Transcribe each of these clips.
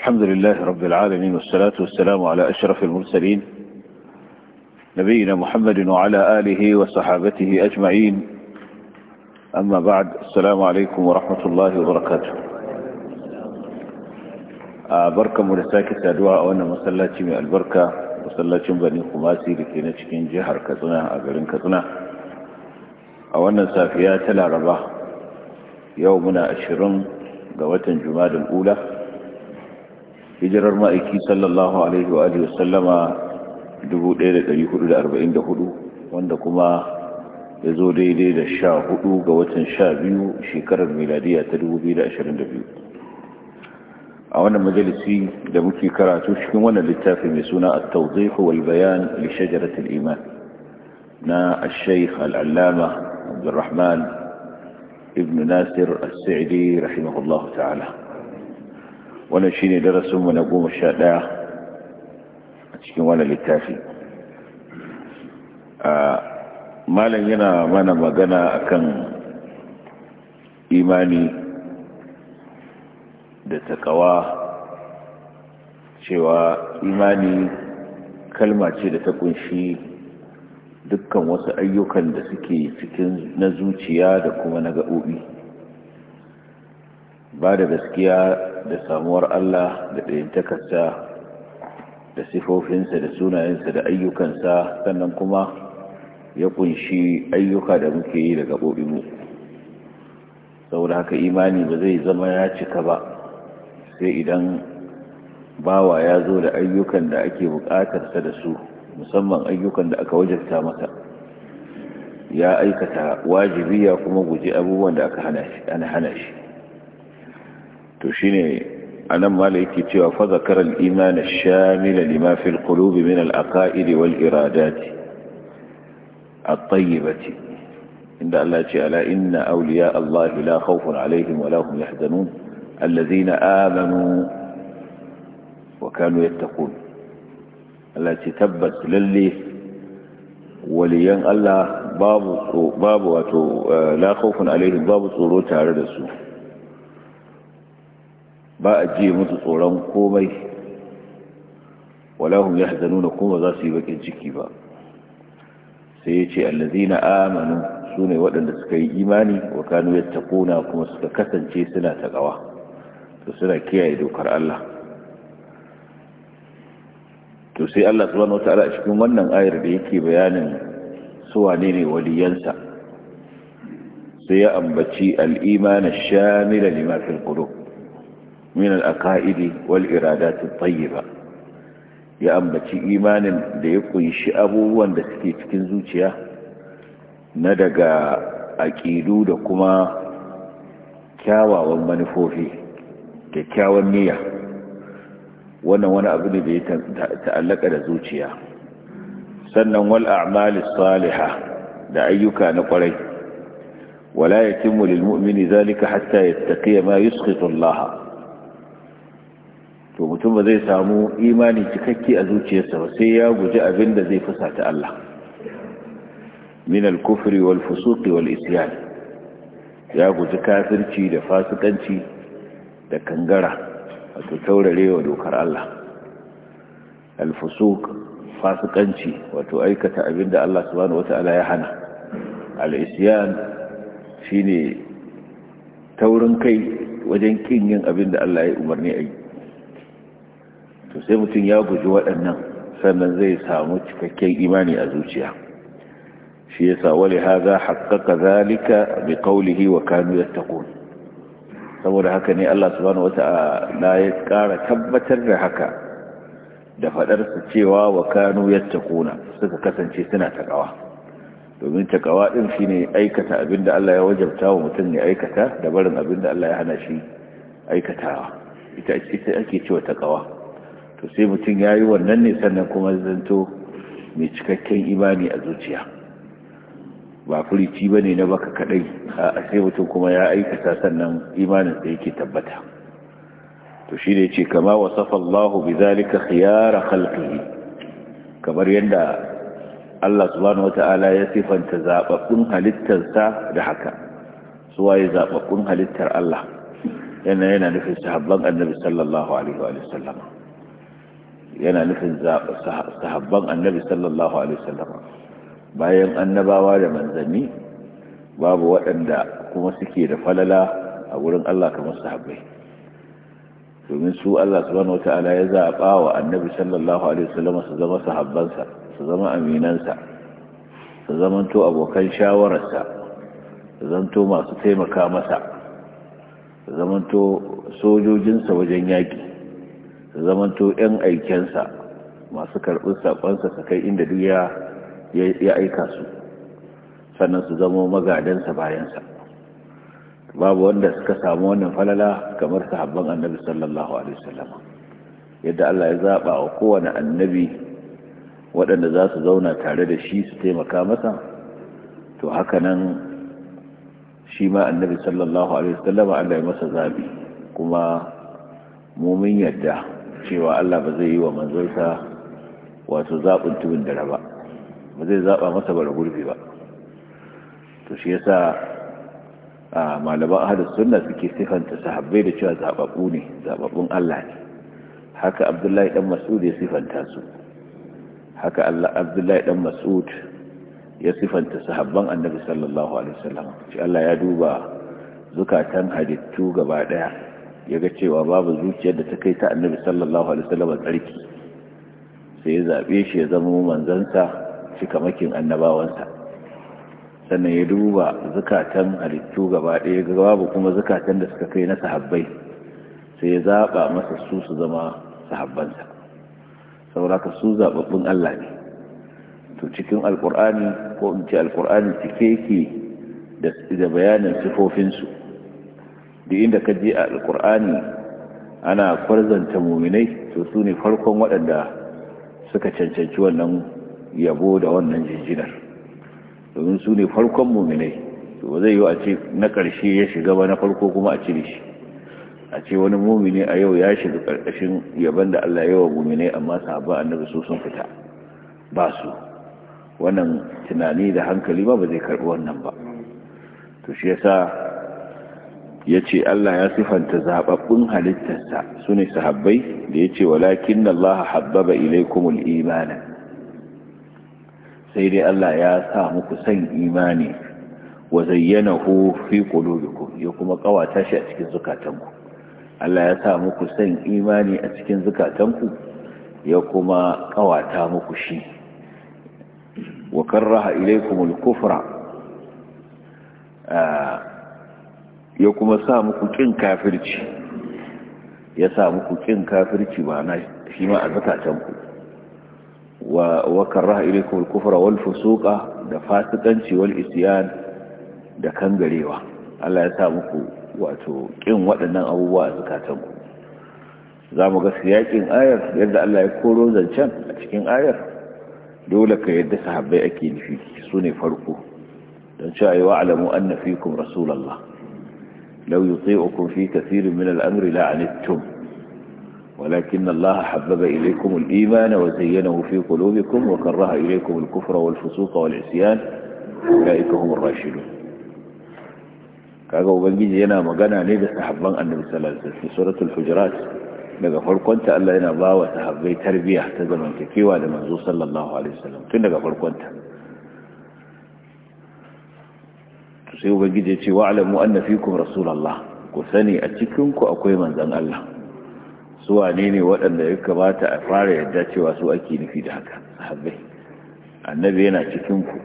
الحمد لله رب العالمين والصلاة والسلام على أشرف المرسلين نبينا محمد وعلى آله وصحابته أجمعين أما بعد السلام عليكم ورحمة الله وبركاته آه، بركة مرساكة أدواء وأنا مسلاتي من البركة مسلاتي من بني خماسي لكي نشكين جهر كتنا أقرن كتنا أولا سافيات العربة يومنا أشرم قوة جماد الأولى hijirar ma'aiki sallallahu alaihi wa alihi wasallama 1444 wanda kuma ya zo daidai da sha hudu ga watan sha biyu shekarar miladiya ta 2022 a wannan majalisi da muke karatu cikin wannan littafi mai suna at-tawdih wal bayan li shajarat al-iman na al-shaykh al-allama Abdul Rahman ibn Nasir as-Sa'di rahimahullahu ta'ala wannan shine darasinmu na goma sha ɗaya a cikin wannan littafi malam yana mana magana akan imani da takawa cewa imani kalma ce da ta kunshi dukkan wasu ayyukan da suke cikin na zuciya da kuma na ga'o'i ba da gaskiya da samuwar Allah da ɗayintakarsa da sifofinsa da sunayensa da ayyukansa sannan kuma ya kunshi ayyuka da muke yi da sau saboda haka imani ba zai zama ya cika ba sai idan bawa ya zo da ayyukan da ake buƙatarsa da su musamman ayyukan da aka wajarta masa ya aikata wajibi ya kuma guji abubuwan da aka hana shi to shine anan malai yake cewa fa zakara al-iman ash-shamil lima fi al-qulub min al-aqaid wal iradat at-tayyibati inda Allah ce ala inna awliya Allah la khawfun alaihim wa la hum yahzanun alladhina amanu wa kanu yattaqun Allah ce tabbas lalle waliyan Allah babu babu wato la khawfun alaihim babu tsoro tare da su ba a ji musu tsoron komai walahum nuna kuma za su yi bakin ciki ba sai ya ce allazina amanu sune waɗanda suka yi imani wa kanu yattaquna kuma suka kasance suna takawa to suna kiyaye dokar Allah to sai Allah subhanahu wata a cikin wannan ayar da yake bayanin su wane ne waliyansa sai ya ambaci al-iman ash-shamila lima fil min al-aqaidi wal iradat at ba. ya ambaci imanin da ya kunshi abubuwan da suke cikin zuciya na daga aƙidu da kuma kyawawan manufofi kyakkyawan niyya wannan wani abu ne da ya ta'allaka da zuciya sannan wal a'malis salihah da ayyuka na ƙwarai. wala yatimmu lil mu'mini zalika hatta yattaqiya ma yusqitu to mutum ba zai samu imani cikakke a zuciyarsa ba sai ya guji abin da zai fusata Allah min al-kufri wal wal isyan ya guji kafirci da fasikanci da kangara wato taurarewa dokar Allah al-fusuq fasikanci wato aikata abin da Allah subhanahu wataala ya hana al-isyan shine taurin kai wajen kin yin abin da Allah ya umarni a yi to sai mutum ya guji waɗannan sannan zai samu cikakken imani a zuciya shi yasa wali haza haƙaƙa zalika mai qawlihi wa kanu yattaqun saboda haka ne Allah subhanahu wata ya ƙara tabbatar da haka da faɗarsa cewa wa kanu yattaquna suka kasance suna takawa domin takawa din shine aikata abinda Allah ya wajabta wa mutum ya aikata da barin abinda Allah ya hana shi aikatawa ita ake cewa takawa to sai mutum ya yi wannan ne sannan kuma zanto mai cikakken imani a zuciya ba firici ba ne na baka kadai a sai mutum kuma ya aikata sannan imanin da yake tabbata to shi ne ce kama wasafa Allah bi zalika khiyara khalqihi kamar yadda Allah subhanahu wata'ala ya sifanta zababbun halittarsa da haka suwaye zababbun halittar Allah yana yana nufin sahabban annabi sallallahu alaihi wa sallama yana nufin sahabban annabi sallallahu alaihi bayan annabawa da manzanni babu waɗanda kuma suke da falala a wurin Allah kamar sahabbai domin su Allah subhanahu wata'ala ya zaɓa wa annabi sallallahu alaihi su zama sahabbansa su zama aminansa su zamanto abokan shawararsa su zanto masu taimaka masa su zamanto sojojinsa wajen yaƙi su zamanto 'yan aikensa masu karɓar saƙonsa su kai inda duk ya aika su sannan su zama magadansa bayansa babu wanda suka samu wannan falala kamar sahabban annabi sallallahu alaihi wasallam yadda Allah ya zaɓa wa kowane annabi waɗanda za su zauna tare da shi su taimaka masa to haka nan shi ma annabi sallallahu alaihi wasallam Allah ya masa zaɓi kuma mumin yadda cewa Allah ba zai yi wa manzonsa wato zaɓin tubin dare ba ba zai zaɓa masa bara gurbi ba to shi yasa a malaman ahlus sunna suke sifanta sahabbai da cewa zababu ne zababun Allah ne haka Abdullahi dan Mas'ud ya sifanta su haka Abdullahi dan Mas'ud ya sifanta sahabban Annabi sallallahu alaihi wasallam shi Allah ya duba zukatan hadittu gaba ɗaya? ya ga cewa babu zuciyar da ta kai ta annabi sallallahu alaihi wasallam tsarki sai ya zabe shi ya zama manzansa cikamakin annabawansa sannan ya duba zakatan halittu gaba ɗaya ga babu kuma zakatan da suka kai na sahabbai sai ya zaba masa su su zama sahabbansa sauraka su zababbun Allah ne to cikin alkur'ani ko in ce alkur'ani cike yake da bayanin sifofinsu da inda ka je a alkur'ani ana kwarzanta muminai to su ne farkon waɗanda suka cancanci wannan yabo da wannan jijinar, domin su ne farkon muminai to ba zai yi a ce na ƙarshe ya shiga ba na farko kuma a cire shi a ce wani mumini a yau ya shiga ƙarƙashin yaban da Allah wa muminai amma sahaba annabi su sun fita ba su wannan tunani da hankali ba ba zai karɓi wannan ba to shi yasa ya ce Allah ya sifanta zaɓaɓɓun halittarsa su ne sahabbai da ya ce walakin da Allah habbaba ilaikumul imana sai dai Allah ya sa muku son imani wa zayyana hu fi qulubikum ya kuma kawata shi a cikin zukatanku Allah ya sa muku san imani a cikin zukatanku ya kuma kawata muku shi wa karraha ilaikumul kufra ah, ya kuma sa muku kin kafirci ya sa muku kin kafirci ba na shi ma a zakatan ku wa wa karaha ilaykum al-kufra wal fusuqa da fasikanci wal isyan da kangarewa Allah ya sa muku wato kin waɗannan abubuwa a zakatan ku za mu ga siyakin ayar yadda Allah ya koro zancen a cikin ayar dole ka yadda sahabbai ake nufi sune farko don cewa yi wa'alamu an na fi لو يطيعكم في كثير من الأمر لعنتم ولكن الله حبب إليكم الإيمان وزينه في قلوبكم وكره إليكم الكفر والفسوق والعصيان أولئك هم الراشدون kaga ubangiji yana magana ne da sahabban annabi sallallahu alaihi wasallam suratul hujurat daga farkon ta Allah yana ba wa sahabbai tarbiya ta zamantakewa da manzo sallallahu alaihi wasallam tun daga farkon ta sai ubangiji ce wa alamu anna fikum rasulullah ku sani a cikin ku akwai manzan Allah su wane ne waɗanda ya kamata a fara yadda cewa su ake nufi da haka sahabbai annabi yana cikin ku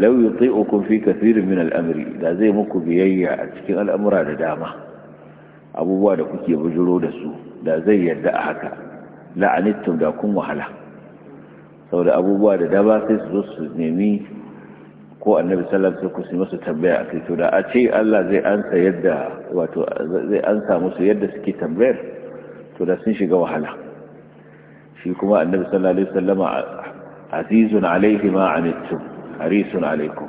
law yuti'ukum fi kathirin min al-amri da zai muku biyayya a cikin al'amura da dama abubuwa da kuke bujuro da su da zai yarda a haka la'anittum da kun wahala saboda abubuwa da dama sai su zo su nemi ko annabi sallallahu alaihi wasallam sai masa tambaya akai to da a ce Allah zai ansa yadda wato zai ansa musu yadda suke tambayar to da sun shiga wahala shi kuma annabi sallallahu alaihi wasallam azizun alaihi ma anittum harisun alaikum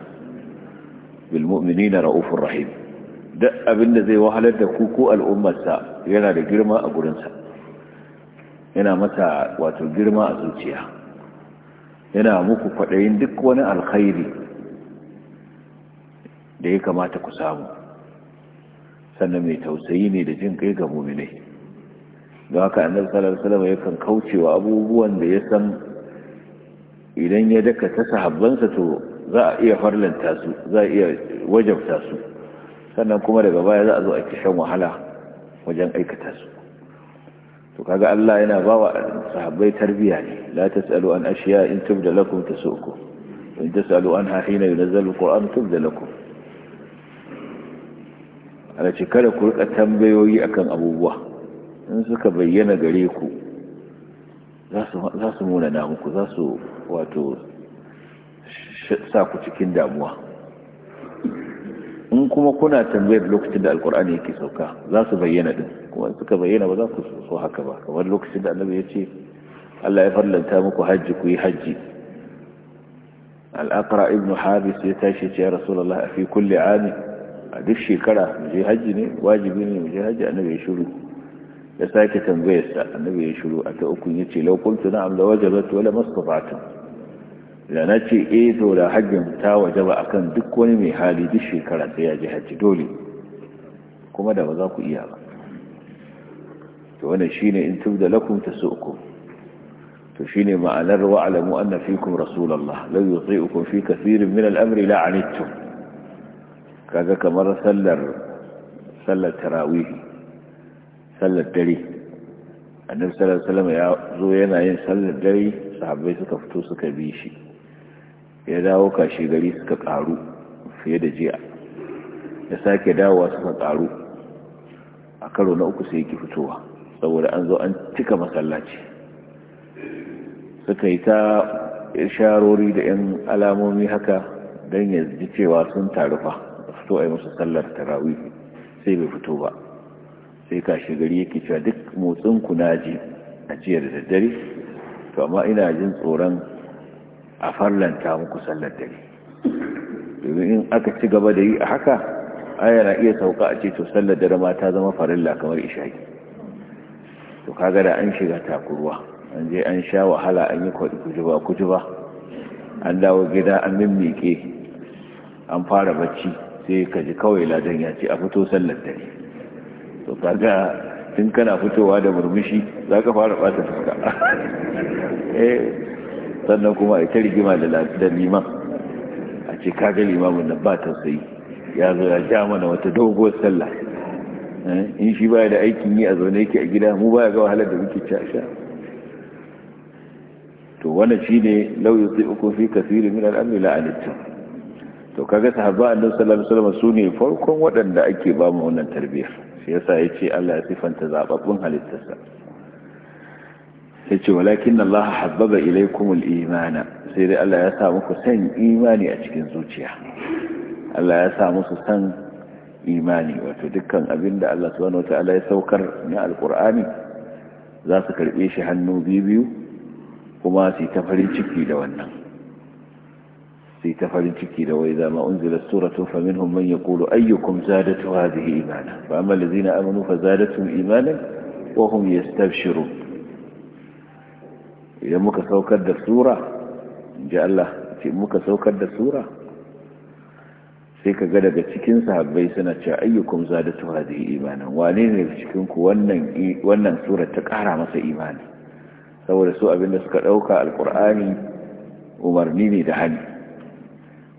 bil mu'minina raufur rahim duk abinda zai wahalar da ku ko al'ummarsa yana da girma a gurinsa yana mata wato girma a zuciya yana muku kwaɗayin duk wani alkhairi da ya kamata ku samu sannan mai tausayi ne da jin kai ga muminai don haka annabi sallallahu alaihi wasallam yakan kaucewa abubuwan da ya san idan ya daka ta sahabbansa to za a iya farlanta su za a iya wajabta su sannan kuma daga baya za a zo a kishan wahala wajen aikata su to kaga Allah yana bawa sahabbai tarbiyya ne la tasalu an ashiya in tubda lakum tasukum in tasalu anha hina yunzalu alquran tubda lakum ana ce kada ku rika tambayoyi akan abubuwa in suka bayyana gare ku za su muna namuku za su wato sa ku cikin damuwa in kuma kuna tambayar lokacin da alkur'ani yake sauka za su bayyana din kuma suka bayyana ba za ku so haka ba kamar lokacin da annabi ya ce Allah ya farlanta muku hajji ku yi hajji al-aqra ibn habis ya tashi ce ya rasulullah a fi kulli amin a duk shekara mu je hajji ne wajibi ne je hajji annabi ya shiru ya sake tambayar sa annabi ya shiru a ta uku yace law kuntu na'am la wajabat wala mastata'tum da na ce eh to da hajjin ta wajaba akan duk wani mai hali duk shekara sai ya je hajji dole kuma da ba za ku iya ba to wannan shine in tubda lakum tasukum to shine ma'anar wa'lamu anna fikum rasulullah sai yuti'ukum fi kathirin min al-amri la kaga kamar sallar sallar tarawihi sallar dare annabi sallallahu alaihi wasallam ya zo yana yin sallar dare sahabbai suka fito suka bi shi ya dawo kashi gari suka karu fiye da jiya ya sake dawo suka karu a karo na uku sai yake fitowa saboda an zo an cika masallaci suka yi ta sharori da 'yan alamomi haka don ya ji cewa sun tarufa fito a yi musu sallar tarawih sai bai fito ba sai ka gari yake cewa duk motsin ku ji a jiya da daddare to amma ina jin tsoron a farlanta muku sallar dare domin in aka ci gaba da yi a haka aya na iya sauka a ce to sallar dare ma ta zama farilla kamar ishaki to kaga da an shiga takurwa an je an sha wahala an yi kwaɗi kujuba kujuba an dawo gida an mimmike an fara bacci sai ka ji kawai ladan ya ce a fito sallar dare to kaga tun kana fitowa da murmushi za ka fara ɓata fuska eh sannan kuma a ta rigima da liman a ce kaga limamin nan ba tausayi ya zo ya ja mana wata doguwar sallah eh, in shi baya da aikin yi a zaune yake a gida mu baya ga wahalar da muke ci a sha to wannan shine lau sai uku fi kasirin min a la'anittum to kaga sahabba annabi sallallahu alaihi wasallam sune farkon waɗanda ake ba mu wannan tarbiyyar shi yasa yace Allah ya sifanta zababbun halittarsa yace walakin Allah habbaba ilaykum al-imana sai dai Allah ya sa muku san imani a cikin zuciya Allah ya sa musu san imani wato dukkan abin da Allah subhanahu wataala ya saukar na alqur'ani za su karbe shi hannu biyu kuma su ta farin ciki da wannan sai ta farin ciki da wai zama unzila suratu fa minhum man yaqulu ayyukum zadatu hadhihi imana fa amma allazina amanu fa zadatuhum imanan wa hum idan muka saukar da sura inji Allah ce muka saukar da sura sai ka ga daga cikin sahabbai suna cewa ayyukum zadatu hadhihi imanan wane ne cikin ku wannan wannan sura ta kara masa imani saboda su abinda suka dauka alqur'ani umarni ne da hali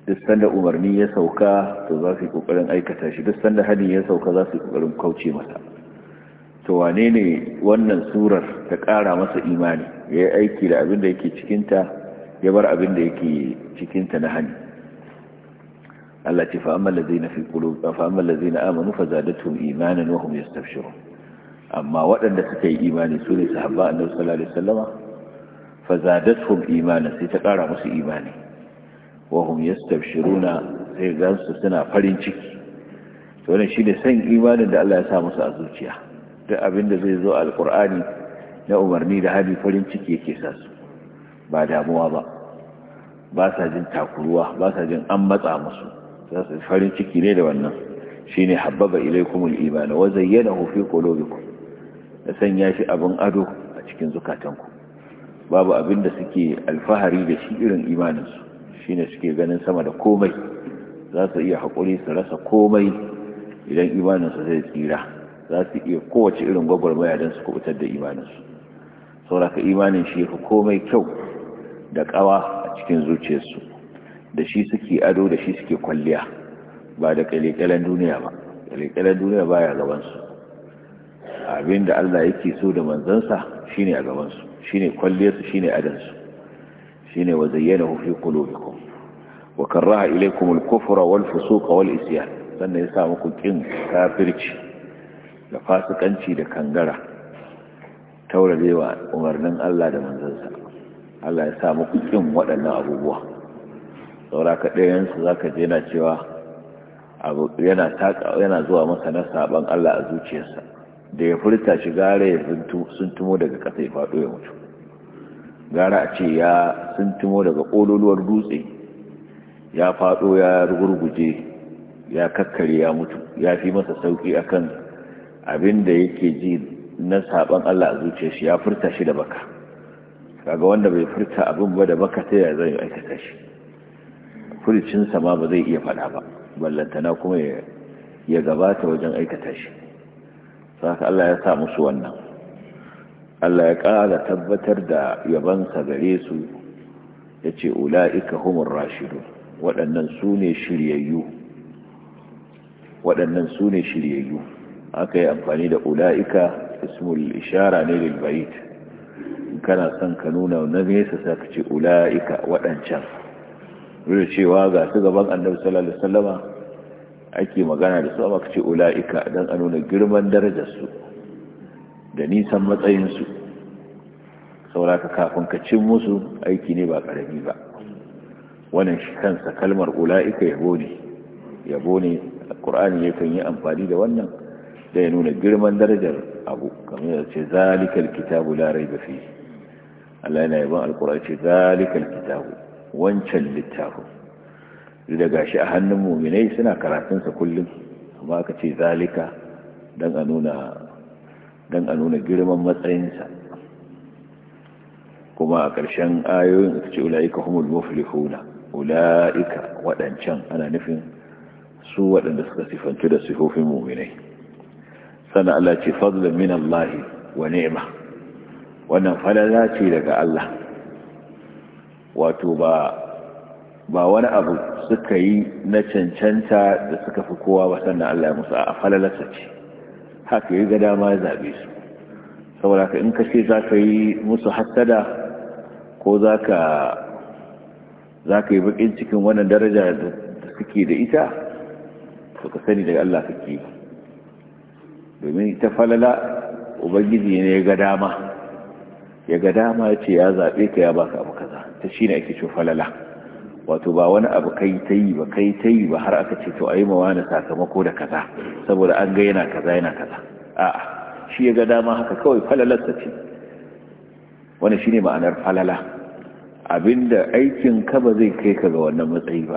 duk sanda umarni ya sauka to za su yi kokarin aikata shi duk sanda hani ya sauka za su yi kokarin kauce masa to wane ne wannan surar ta kara masa imani ya yi aiki da abin da yake cikinta ya bar abin da yake cikinta na hani Allah ce fa'amman na fi ƙulu fa'amman lazina amanu fa zadatun imanin wa hum yastabshirun amma waɗanda suka yi imani su ne sahabba annabi sallallahu alaihi wasallama fa zadatun imanin sai ta kara musu imani wahum yastabshiruna sai gansu suna farin ciki to wannan da san imanin da Allah ya sa musu a zuciya duk abin da zai zo alqur'ani na umarni da hadi farin ciki yake sa su ba damuwa ba ba sa jin takuruwa ba sa jin an matsa musu za su farin ciki ne da wannan shine habbaba ilaykumul iman wa zayyanahu fi qulubikum da sanya shi abin ado a cikin zukatanku babu abin da suke alfahari da shi irin imaninsu shine suke ganin sama da komai za su iya haƙuri su rasa komai idan imaninsu zai tsira za su iya kowace irin gwagwarmaya don su kubutar da imaninsu sauraka imanin shi ya fi komai kyau da ƙawa a cikin zuciyarsu da shi suke ado da shi suke kwalliya ba da ƙalƙalen duniya ba ƙalƙalen duniya ba ya gabansu abin da allah yake so da manzansa shine a gabansu shine kwalliyarsu shine adansu shine wa zayyanahu fi qulubikum wa karaha ilaykum al-kufra wal fusuq wal isyan sannan ya sa muku kin kafirci da fasikanci da kangara taurarewa umarnin Allah da manzansa Allah ya sa muku kin waɗannan abubuwa saura ka ɗayan su zaka je na cewa yana zuwa masa na saban Allah a zuciyarsa da ya furta shi gare ya sun tumo daga kasa ya faɗo ya mutu gara a ce ya tsuntimo daga ƙololuwar dutse ya faɗo ya rugurguje ya kakkare ya mutu ya fi masa sauƙi kan abin da yake ji na saɓon Allah a zuce shi ya furta shi da baka kaga wanda bai furta abin ba da baka ta ya zai aikata shi furicinsa ma ba zai iya faɗa ba ballantana kuma ya gabata wajen aikata shi saka Allah ya sa musu wannan Allah ya ƙara tabbatar da yabansa gare su ya ce ula'ika humar rashidu waɗannan su ne shiryayyu waɗannan su ne shiryayyu aka yi amfani da ula'ika ismul ishara ne lilbait kana son ka nuna na nesa sa ka ce ula'ika waɗancan rura cewa ga su gaban annabi sallallahu alaihi wasallama ake magana da su amma ka ce ula'ika don a nuna girman darajarsu da nisan matsayinsu sauraka kafin ka cin musu aiki ne ba ƙarami ba wannan shi kansa kalmar ula'ika yabo ne yabo ne ƙur'ani yakan yi amfani da wannan da ya nuna girman darajar abu kamar da ce zalikal kitabu larai ba fi Allah yana yaban alƙur'ani ce zalikal kitabu wancan littafin da gashi a hannun muminai suna karatunsa kullum amma aka ce zalika don a nuna don a nuna girman matsayinsa kuma a ƙarshen ayoyin aka ce ula'ika humul muflihuna ula'ika waɗancan ana nufin su waɗanda suka sifantu da sifofin muminai sana Allah ce fadlan min Allah wa ni'ma wannan falala ce daga Allah wato ba ba wani abu suka yi na cancanta da suka fi kowa ba sannan Allah ya musu a falalarsa ce haka yi ga dama ya zaɓe su saboda ka in ka ce za ka yi musu hassada ko za ka yi baƙin cikin wannan daraja da suke da ita to ka sani daga Allah suke domin ta falala ubangiji ne ya ga dama ya ga dama ya ce ya zaɓe ka ya baka abu kaza ta shi ne ake cin falala wato ba wani abu kai ta yi ba kai ta yi ba har aka ce to a yi mawa na sakamako da kaza saboda an ga yana kaza yana kaza a'a shi ya ga dama haka kawai falalarsa ce wani shine ma'anar falala abinda aikin ka ba zai kai ka ga wannan matsayi ba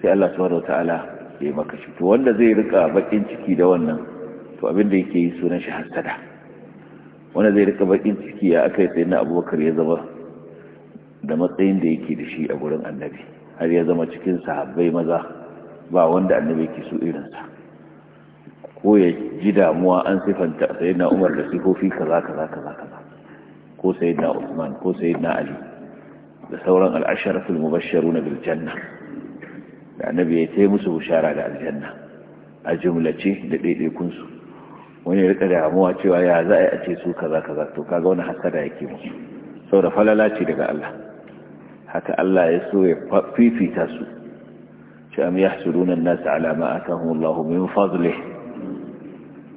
sai Allah subhanahu ta'ala ya maka shi to wanda zai rika bakin ciki da wannan to abinda yake yi sunan shi hasada wanda zai rika bakin ciki ya akai sai na Abubakar ya zama da matsayin da yake da shi a gurin annabi har ya zama cikin sahabbai maza ba wanda annabi yake so irinsa ko ya ji damuwa an sifanta sayyidina Umar da sifofi kaza kaza kaza ko sayyidina Usman ko sayyidina Ali da sauran al'asharatul mubashsharuna bil janna da annabi ya ce musu bushara da aljanna a jumlace da ɗaiɗaikunsu. wani ya rika damuwa cewa ya za a ce su kaza kaza to kaga wani hasada yake musu saboda falala ce daga Allah haka Allah ya so ya fifita su shi am yahsuruna an-nas ala ma atahum Allah min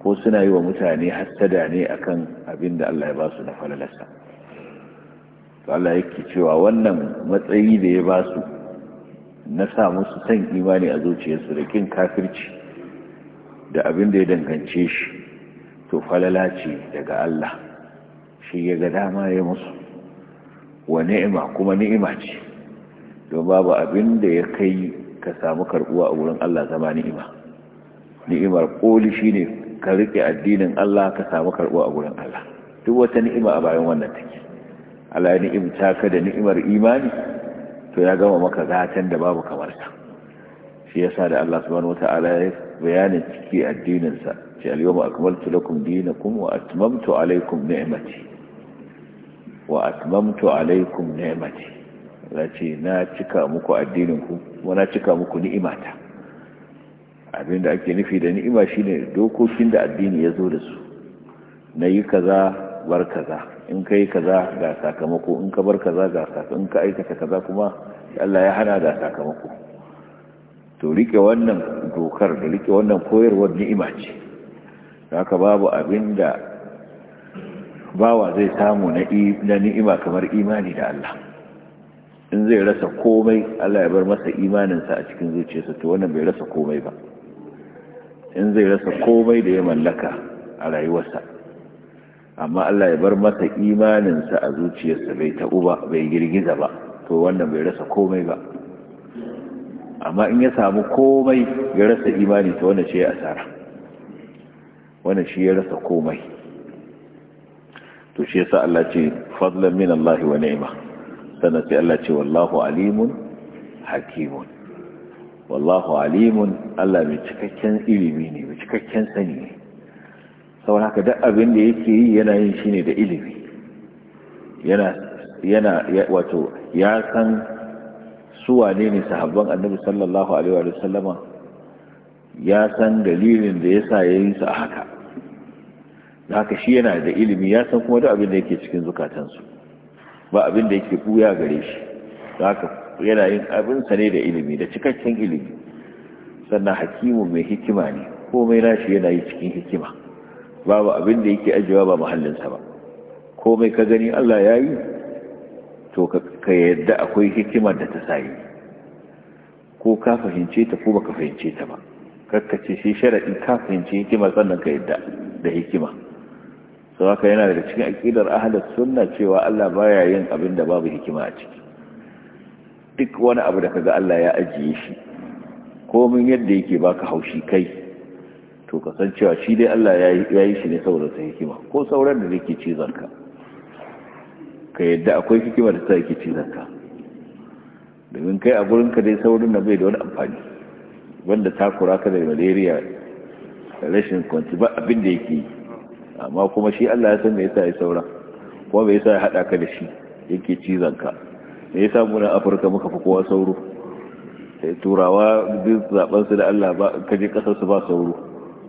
ko suna yi wa mutane hasada ne akan abin da Allah ya ba su na falalasa to Allah yake cewa wannan matsayi da ya ba su na sa musu san imani a zuciyarsu da kin kafirci da abin da ya dangance shi to falala ce daga Allah shi ya ga dama ya musu wa ni'ima kuma ni'ima ce don babu abin da ya kai ka samu karbuwa a wurin Allah zama ni'ima ni'imar koli shine ka rike addinin Allah ka samu karbuwa a wurin Allah duk wata ni'ima a bayan wannan take Allah ya ni'imta ka da ni'imar imani to ya gama maka gatan da babu kamar ta shi yasa da Allah subhanahu wataala ya bayanin ciki addinin sa ce al-yawma akmaltu lakum dinakum wa atmamtu alaykum ni'mati wa atmamtu alaikum ni'mati ce na cika muku addinin ku kuma na cika muku ni'imata abinda ake nufi da ni'ima shine dokokin da addini ya zo da su nayi yi kaza bar kaza in kai kaza ga sakamako in ka bar kaza ga sakamako in ka aikata kaza kuma Allah ya hana da sakamako to rike wannan dokar da rike wannan koyarwar ni'ima ce haka babu abinda bawa zai samu na ni'ima kamar imani da Allah in zai rasa komai Allah ya bar masa imaninsa a cikin zuciyarsa to wannan bai rasa komai ba in zai rasa komai da ya mallaka a rayuwarsa amma Allah ya bar masa imaninsa a zuciyarsa bai tabu ba bai girgiza ba to wannan bai rasa komai ba amma in ya samu komai ya rasa imani to wannan shi ya asara wannan shi ya rasa komai to shi yasa Allah ce fadlan min Allah wa ni'ma sannan sai Allah ce wallahu alimun hakimun wallahu alimun Allah mai cikakken ilimi ne mai cikakken sani ne saboda haka duk abin da yake yi yana yin shi ne da ilimi yana yana wato ya san su wane ne sahabban annabi sallallahu alaihi wa sallama ya san dalilin da yasa yayin su a haka da haka shi yana da ilimi ya san kuma da abin da yake cikin zukatansu ba abin da yake buya gare shi da haka yana yin abin sa ne da ilimi da cikakken ilimi sannan hakimu mai hikima ne komai nashi yana yi cikin hikima babu abin da yake ajiyewa ba mahallinsa ba komai ka gani Allah ya yi to ka yadda akwai hikimar da ta sayi ko ka fahimce ta ko ba ka fahimce ta ba kakkace shi sharaɗi ka fahimce hikima sannan ka yadda da hikima don haka yana daga cikin aƙidar ahalar sunna cewa Allah baya yin abin da babu hikima a ciki duk wani abu da kaga Allah ya ajiye shi komin yadda yake baka haushi kai to kasancewa shi dai Allah ya yi shi ne saboda sa hikima ko sauran da yake cizon ka ka yadda akwai hikima da ta yake cizon ka domin kai a gurin ka dai saurin na bai da wani amfani wanda takura ka da malaria rashin kwanci ba abin da yake yi amma kuma shi Allah ya san me yasa ya saura kuma me yasa ya hada ka da shi yake cizon ka me yasa mu na Afirka muka fi kowa sauro sai eh, turawa duk zaben su da Allah ba kaje kasar su ba sauro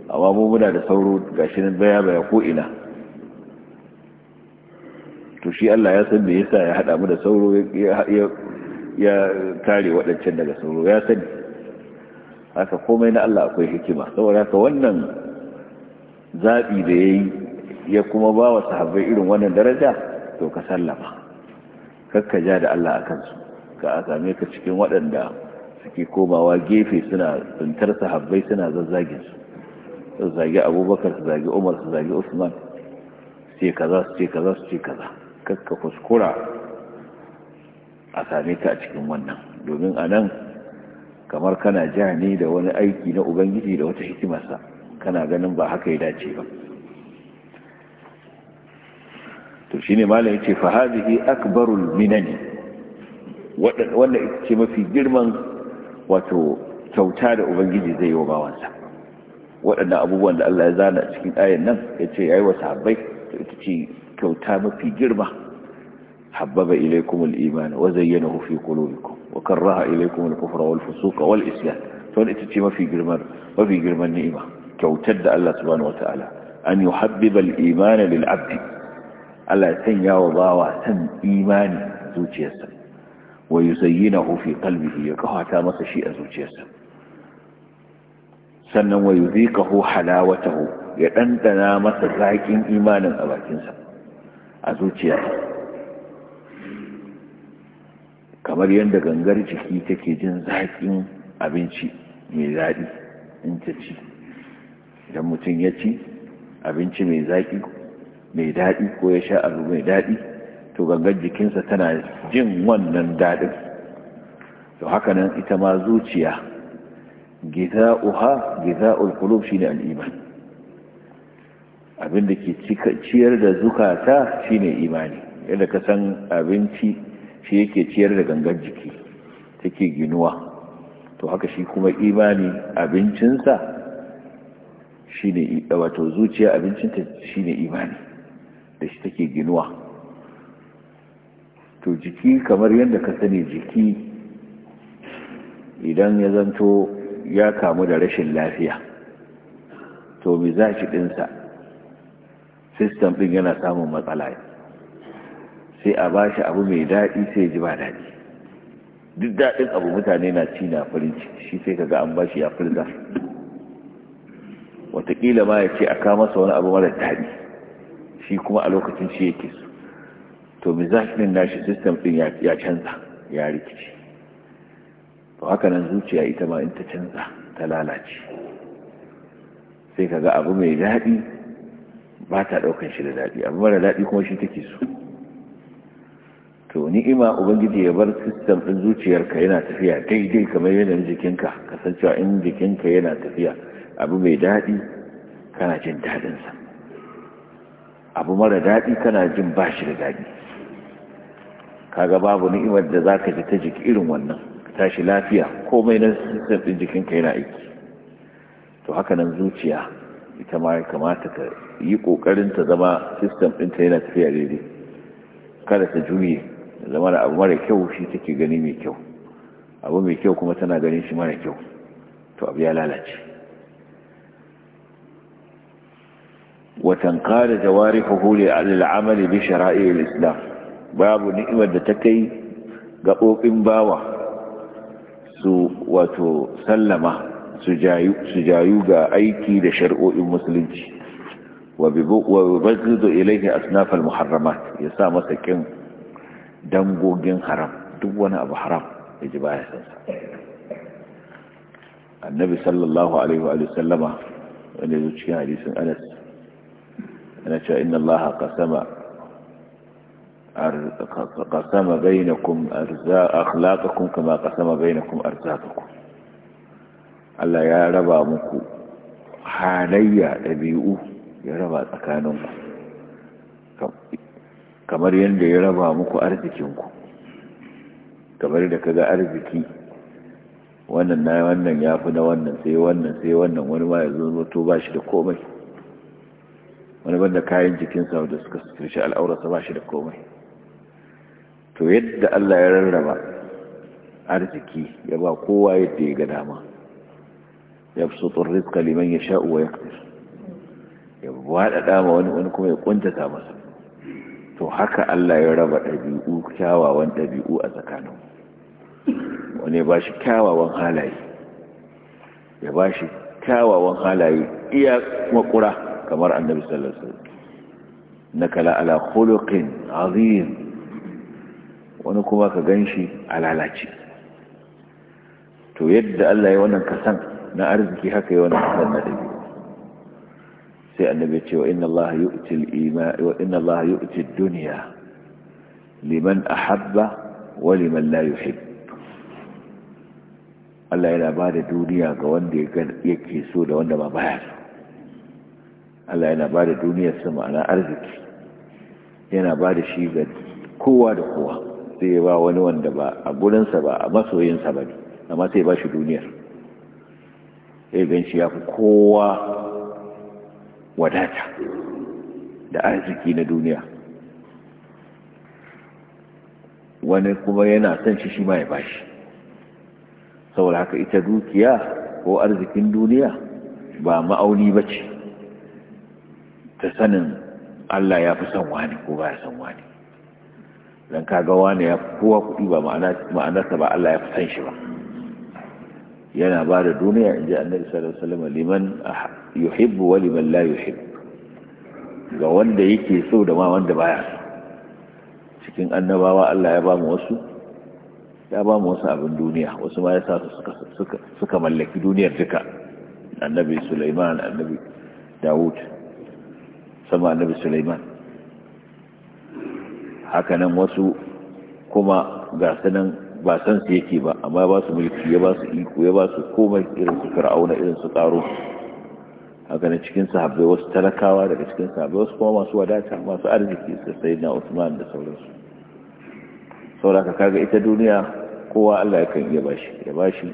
amma mu muna da sauro gashi nan baya baya ko ina to shi Allah ya san me yasa ya hada mu da sauro ya kare waɗancan daga sauro ya sani haka komai na Allah akwai hikima saboda haka wannan zaɓi da ya yi ya kuma ba wa sahabbai irin wannan daraja to ka sallama kakka ja da Allah a kansu ka azame ka cikin waɗanda suke komawa gefe suna tuntar sahabbai suna zazzage su su zage abubakar su zage umar su zage usman sai kaza su ce kaza su ce kaza kakka kuskura a same ka a cikin wannan domin a nan kamar kana ja ne da wani aiki na ubangiji da wata hikimarsa kana ganin ba haka ya dace ba to ne malam yace fa hadhihi akbarul minani wannan ita ce mafi girman wato kyauta da ubangiji zai yi wa bawansa waɗannan abubuwan da Allah ya zana a cikin ayan nan ya ce ya yi wa sahabbai to ita ce kyauta mafi girma habbaba ilaikum al-iman wa zayyanahu fi qulubikum wa karaha ilaikum al-kufra wal fusuqa wal isyan to ita ce mafi girman mafi girman ni'ima kyautar da Allah subhanahu wataala an yuhabbiba al-iman lil 'abdi Allah ya sanya wa bawa san imani a zuciyarsa wa na fi qalbihi ya kawata masa shi a zuciyarsa sannan wa yuziqahu halawatahu ya dandana masa zaƙin imanin a bakinsa a zuciyarsa kamar yadda gangar jiki take jin zaƙin abinci mai daɗi in ta ci idan mutum ya ci abinci mai zaƙi mai daɗi ko ya sha abu mai daɗi to gangan jikinsa tana jin wannan daɗin to haka nan ita ma zuciya giza giza'ul qulub ulkulub shi ne abin da ke ciyar da zukata shi ne imani yadda ka san abinci shi yake ciyar da gangan jiki take ginuwa to haka shi kuma imani abincinsa ne wato zuciya abincinta ne imani da shi take ginuwa to jiki kamar yadda ka sani jiki idan ya zanto ya kamu da rashin lafiya to shi ɗinsa sistem ɗin yana samun matsala sai a ba shi abu mai daɗi sai ji ba daɗi duk daɗin abu mutane na ci na farin ciki shi sai ga an ba shi ya firza watakila ma ya ce a kama masa wani abu mara daɗi shi kuma a lokacin shi yake su to mizaj na nashi system din ya canza ya rikici to haka nan zuciya ita ma in ta canza ta lalace sai ka ga abu mai daɗi ba ta ɗaukan shi da daɗi abu mara daɗi kuma shi take so to ni'ima ubangiji ya bar sistem ɗin zuciyarka yana tafiya daidai kamar yanayin jikinka kasancewa in jikinka yana tafiya abu mai daɗi kana jin daɗinsa abu mara daɗi kana jin ba shi da daɗi kaga babu ni'imar da za ka ji ta jiki irin wannan tashi lafiya komai na sassan ɗin jikinka yana aiki to haka nan zuciya ita ma ya kamata ka yi ƙoƙarin ta zama sistem ta yana tafiya daidai kada ta juye zama da abu mara kyau shi take gani mai kyau abu mai kyau kuma tana ganin shi mara kyau to abu ya lalace وتنقاد جوارحه للعمل بشرائع الإسلام باب نئمة دتكي قبوك باوة سو وتسلمة سجايو سجايو أيكي لشرؤ المسلمين ويبغض إليه أصناف المحرمات يسامة سكين دمغو جن حرام دوانا أبو حرام يجب آية النبي صلى الله عليه وآله وسلم أن يزوج كان حديث أنس yana cewa inna allaha qasama qasama bainakum arzaq akhlaqakum kama qasama bainakum arzaqakum Allah ya raba muku halayya dabi'u ya raba tsakaninku kamar yadda ya raba muku arzikinku kamar da kaga arziki wannan na wannan ya fi na wannan sai wannan sai wannan wani ma ya zo to ba shi da komai wani banda kayan jikinsa da suka tushe al'aurarsa ba shi da komai to yadda Allah ya rarraba arziki ya ba kowa yadda ya ga dama ya fi sotun rizka liman ya sha uwa ya kafir ya waɗa dama wani wani kuma ya ƙuntata masa to haka Allah ya raba ɗabi'u kyawawan ɗabi'u a tsakanin wani ba shi kyawawan halaye ya ba shi kyawawan halaye iya makura kamar annabi sallallahu alaihi wasallam naka la ala khuluqin azim wani kuma ka ganshi a to yadda Allah ya wannan kasan na arziki haka ya wannan kasan na dabi sai annabi ya ce wa inna Allah yu'ti al-iman wa inna Allah yu'ti ad-dunya liman ahabba wa liman la yuhibbu Allah yana ba da duniya ga wanda yake so da wanda ba baya so Allah yana ba da duniyarsa ma'ana arziki yana ba da shi ga kowa da kowa zai ba wani wanda ba a gurinsa ba a masoyinsa ba ne amma sai ba shi duniyar sai gan shi ya fi kowa wadata da arziki na duniya wani kuma yana son shi shi ma ya bashi saboda haka ita dukiya ko arzikin duniya ba ma'auni ba ce ta sanin Allah ya fi son wani ko ba ya son wani don kaga wani ya kowa kuɗi ba ma'anarsa ba Allah ya fi san shi ba yana ba da duniya in ji annabi sallallahu alaihi wasallam liman ah-, yuhibbu wa liman la yuhib ga wanda yake so da ma wanda baya so cikin annabawa Allah ya ba mu wasu ya ba mu wasu abin duniya wasu ma ya sa su suka suka mallaki duniyar duka annabi Sulaiman annabi Dawud sama annabi Sulaiman hakanan wasu kuma ga sanan ba san su yake ba amma ba su mulki ya ba su iko ya ba su komai irin su fir'auna irin su tsaro hakanan cikin sahabbai wasu talakawa daga cikin sahabbai wasu kuma masu wadata masu arziki su sai na Usman da sauransu saboda kaga ita duniya kowa Allah ya kan iya bashi ya bashi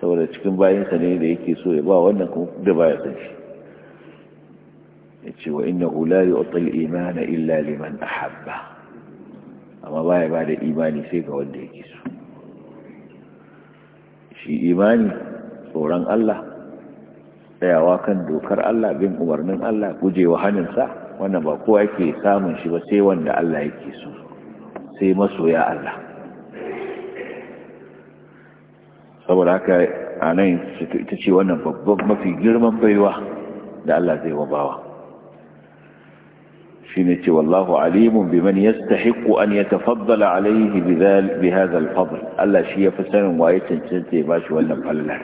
saboda cikin bayinsa ne da yake so ya ba wannan kuma da baya san shi yace wa innahu la yu'ti al-imana illa liman ahabba amma baya bada imani sai ga wanda yake so shi imani tsoron Allah tsayawa kan dokar Allah bin umarnin Allah gujewa hannunsa wannan ba kowa yake samun shi ba sai wanda Allah yake so sai masoya Allah saboda haka a nan ita ce wannan babban mafi girman baiwa da Allah zai wa bawa shine ce wallahu alimun biman yastahiqu an yatafaddala alayhi bidhal bi hadha al Allah shi ya fi sanin waye cancanta ya shi wannan fallar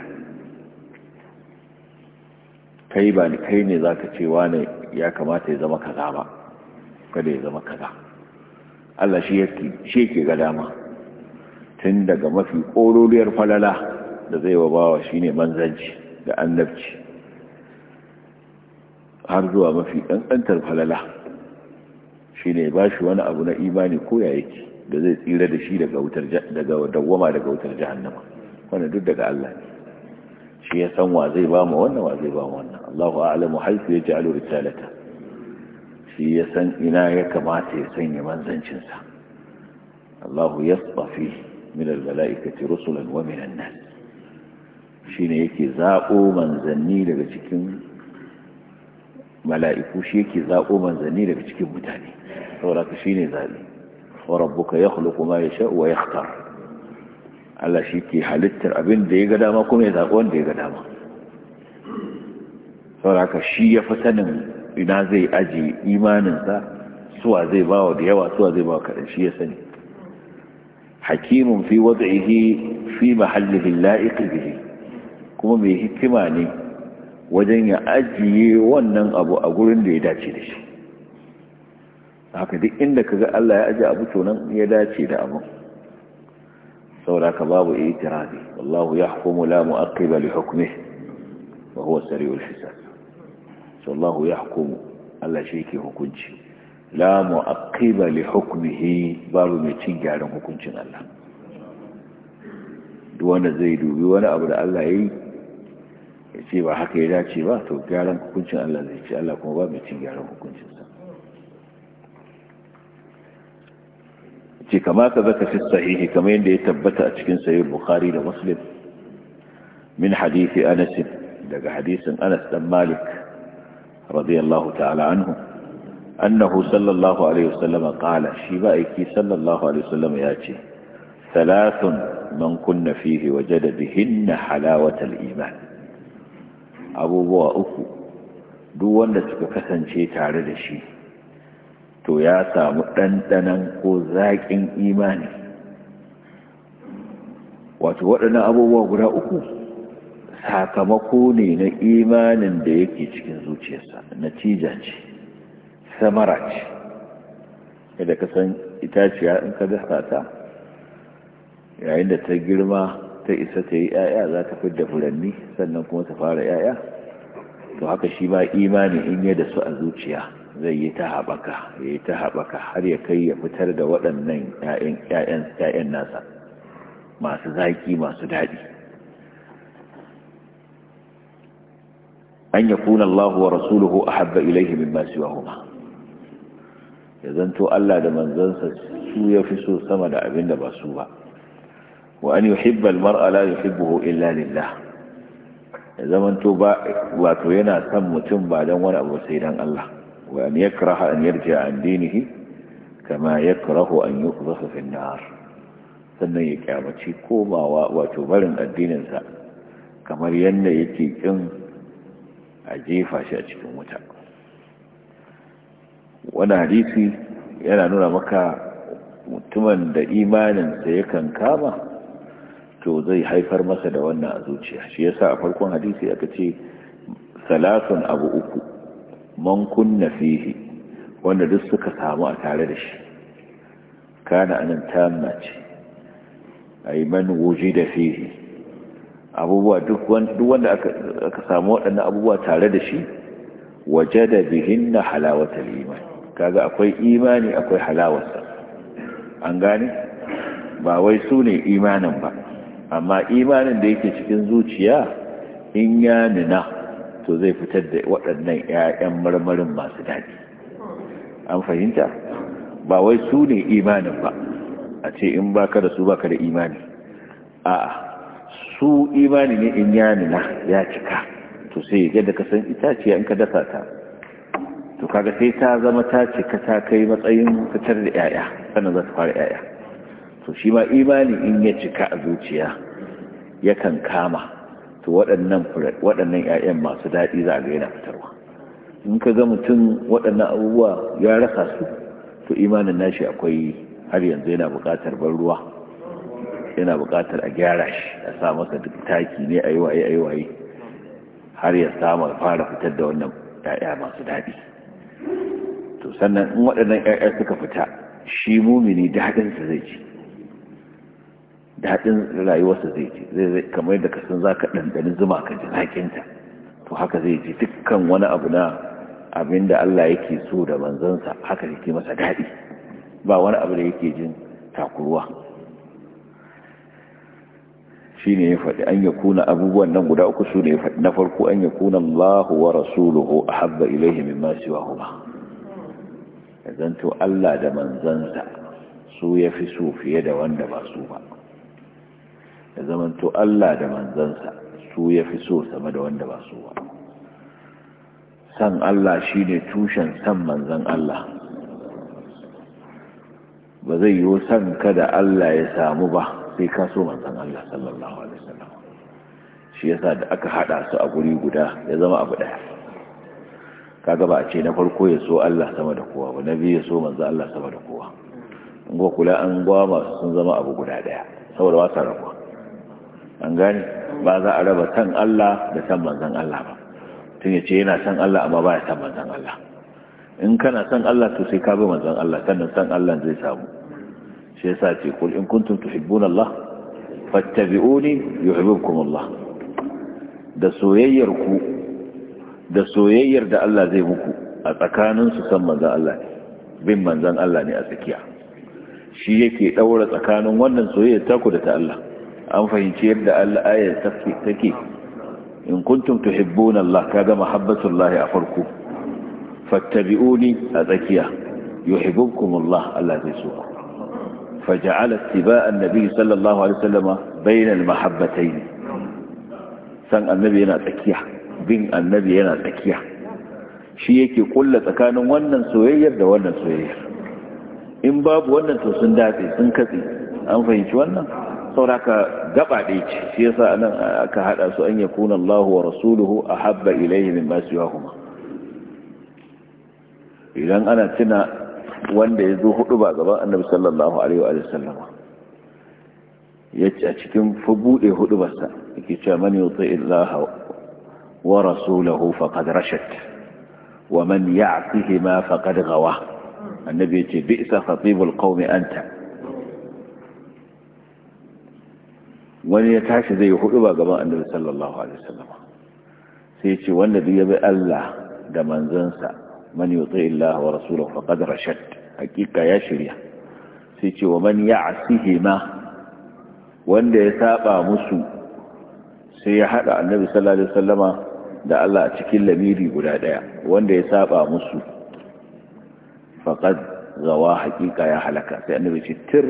kai ba ni kai ne zaka ce wane ya kamata ya zama kaza ba kada ya zama kaza Allah shi yake shi yake ga dama tun daga mafi kororiyar falala da zai wa bawa shine manzanci da annabci har zuwa mafi kankantar falala shi ne ba shi wani abu na imani ko ya yake da zai tsira da shi daga dawwama daga wutar jahannama wannan duk daga Allah ne shi ya san wa zai ba mu wannan wa zai ba mu wannan Allahu a'lamu haythu yaj'alu risalata shi ya san ina ya kamata ya sanya manzancinsa? sa Allahu yasfi min bala'ikati rusulan wa min nan. nas shine yake zaɓo manzanni daga cikin mala'iku shi yake zaɓo manzanni daga cikin mutane saboda ka shine zaɓi wa rabbuka yakhluqu ma yasha'u wa yakhtar Allah shi ke halittar abin da ya ga dama kuma ya zaɓi wanda ya ga dama saboda ka shi ya fi sanin ina zai aji imaninsa suwa zai ba wa da yawa suwa zai bawa kaɗan shi ya sani hakimun fi wata wad'ihi fi mahallihi la'iqi bihi kuma mai hikima ne wajen ya ajiye wannan abu a gurin da ya dace da shi haka duk inda ka ga Allah ya ajiye abu tonan ya dace da abu sauraka babu itirazi wallahu yahkumu la mu'aqqiba li hukmihi wa huwa sari'ul hisab sallahu hukumu Allah shi yake hukunci la mu'aqqiba li hukmihi babu mai cin gyaran hukuncin Allah duk wanda zai dubi wani abu da Allah ya yi. ya ce ba haka ya dace ba to gyaran hukuncin Allah zai ce Allah kuma ba mai cin gyaran hukuncinsa ce kama ka zaka fi sahihi kama yadda ya tabbata a cikin sahih bukhari da muslim min hadisi anas daga hadisin anas dan malik radiyallahu ta'ala anhu annahu sallallahu alaihi wasallam qala shi ba aiki sallallahu alaihi wasallam ya ce thalathun man kunna fihi wajada bihinna halawatal iman abubuwa uku duk wanda suka kasance tare da shi to ya samu ɗanɗanan ko zaƙin imani wato waɗannan abubuwa guda uku sakamako ne na imanin da yake cikin zuciyarsa natija ce samara ce yadda ka san itaciya in ka dasa ta yayin da ta girma ta isa ta yi ‘ya'ya za ta fidda furanni sannan kuma ta fara ‘ya'ya to haka shi ba imani in ya da su a zuciya zai yi ta haɓaka ya yi ta haɓaka har ya kai ya fitar da waɗannan ‘ya'yan nasa masu zaƙi masu daɗi an ya kuna Allah wa rasuluhu a habba ilaihi min masu yawon ya zanto Allah da manzansa su ya fi so sama da abin da ba su ba wa an yuhibba almar'a la yuhibbuhu ya zamanto ba wato yana son mutum ba dan wani abu sai dan Allah wa an yakraha an yarji'a an dinihi sannan ya kyamaci komawa wato barin addininsa kamar yadda yake kin a jefa shi a cikin wuta wani hadisi yana nuna maka mutumin da imaninsa yakan kama to zai haifar masa da wannan a zuciya shi yasa a farkon hadisi aka ce salatun abu uku man kunna fihi wanda duk suka samu a tare da shi kana anan tamma ce ai man wujida fihi abubuwa duk wanda aka samu waɗannan abubuwa tare da shi wajada bihinna halawatul iman kaga akwai imani akwai halawarsa an gane ba wai su ne imanin ba amma imanin da yake cikin zuciya in ya nuna to zai fitar da waɗannan 'ya'yan marmarin masu daɗi an fahimta ba wai su ne imanin ba a ce in baka da su baka da imani a su imani ne in ya nuna ya cika to sai yadda ka san itaciya in ka dasa ta to kaga sai ta zama ta cika ta kai matsayin fitar da 'ya'ya sannan za ta fara 'ya'ya to shi ma imani in ya cika a zuciya yakan kama to waɗannan 'ya'yan masu daɗi za a ga yana fitarwa in ka ga mutum waɗannan abubuwa ya rasa su to imanin nashi akwai har yanzu yana buƙatar ban ruwa yana buƙatar a gyara shi a sa masa duk taki ne a yi waye a yi har ya samu fara fitar da wannan 'ya'ya masu daɗi to sannan in waɗannan 'ya'ya suka fita shi mumini daɗinsa zai ci daɗin rayuwarsa zai ce zai kamar da kasan za ka ɗanɗani zuma ka ji haƙinta to haka zai ce dukkan wani abu na abin da Allah yake so da manzansa haka yake masa daɗi ba wani abu da yake jin takuruwa shi ne ya faɗi an ya kuna abubuwan nan guda uku su ne ya faɗi na farko an ya kuna Allahu wa rasuluhu a habba ilaihi mimma wa huma ya to Allah da manzansa su ya fi so fiye da wanda ba su ba da zamanto Allah da manzansa su ya fi so sama da wanda ba su ba san Allah shi ne tushen san manzan Allah ba zai yi san kada Allah ya samu ba sai ka so manzan Allah sallallahu alaihi wasallam shi yasa da aka hada su a guri guda ya zama abu daya kaga ba a ce na farko ya so Allah sama da kowa ba na biyu ya so manzan Allah sama da kowa in ga kula an gwa masu sun zama abu guda daya saboda wasa rabuwa an gane ba za a raba san Allah da san manzan Allah ba tun ya ce yana san Allah amma ba ya san manzan Allah in kana san Allah to sai ka bi manzan Allah sannan san Allah zai samu shi yasa ce kul in kuntum tuhibbuna Allah fattabi'uni yuhibbukum Allah da soyayyar ku da soyayyar da Allah zai muku a tsakanin su san manzan Allah bin manzan Allah ne a tsakiya shi yake daura tsakanin wannan soyayya taku da ta Allah an fahimci yadda Allah ayar take in kuntum tuhibbuna Allah kaga mahabbatullahi a farko fattabi'uni a tsakiya yuhibbukum Allah Allah zai so ku فجعل اتباع النبي صلى الله عليه وسلم بين المحبتين سن النبي yana tsakiya bin annabi yana tsakiya shi yake kulla tsakanin wannan soyayyar da wannan soyayyar in babu wannan to sun dace sun katse an fahimci wannan sauraka gaba ɗaya ce shi yasa nan aka haɗa su an yakuna Allah wa rasuluhu a ahabba ilayhi min ma siwahuma idan ana tuna wanda ya zo hudu ba gaban Annabi sallallahu alaihi wa Ya ce a cikin fa bude hudu basa yake cewa man yuti illaha wa rasuluhu faqad rashad wa man ya'tihi ma faqad gawa annabi ya yace bi'sa khatibul qaumi anta wani ya tashi zai hudu ba gaban annabi sallallahu alaihi wasallam sai ce wanda duk ya bi Allah da manzansa man yuti Allah wa rasulahu faqad rashad hakika ya shirya sai ce wa man ma. wanda ya saba musu sai ya hada annabi sallallahu alaihi da Allah a cikin lamiri guda daya wanda ya saba musu faqad zawa hakika ya halaka sai annabi ce tir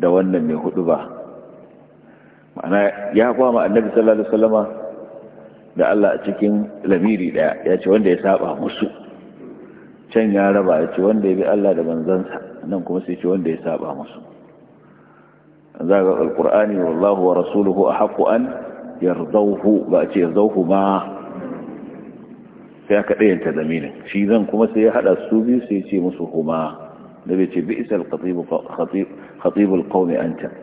da wannan mai hudu ba ma'ana ya kwa ma annabi sallallahu alaihi wasallama da Allah a cikin lamiri daya ya ce wanda ya saba musu can ya raba ya ce wanda ya bi Allah da manzansa nan kuma sai ce wanda ya saba musu za ga alqur'ani wallahu wa rasuluhu ahqqu an yardawhu ba ce yardawhu ma sai aka dayanta zaminin shi zan kuma sai ya hada su biyu sai ya ce musu huma da bai ce bi'sal qatib qatib khatib alqawmi antum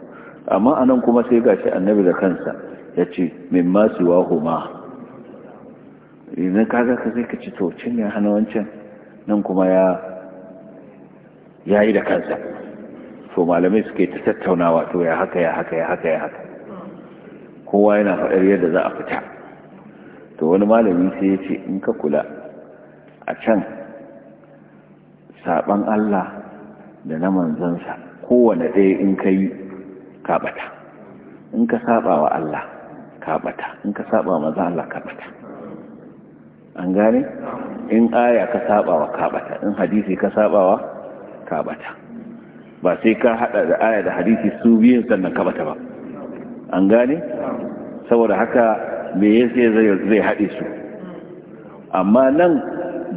amma anan kuma sai gashi annabi da kansa ya ce min masu wahuma idan kaga ka sai ka ci to cin ya hana wancan nan kuma ya ya yi da kansa so malamai suke ta tattaunawa to ya haka ya haka ya haka ya haka kowa yana faɗar yadda za a fita to wani malami sai ya ce in ka kula a can saɓan Allah da na manzansa kowane ɗaya in ka yi ka bata in ka saba wa Allah ka bata in ka saba manzo Allah ka bata an gane in aya ka saba wa ka bata in hadisi ka saba wa ka bata ba sai ka hada da aya da hadisi su biyun sannan ka bata ba an gane saboda haka me yake zai haɗe su amma nan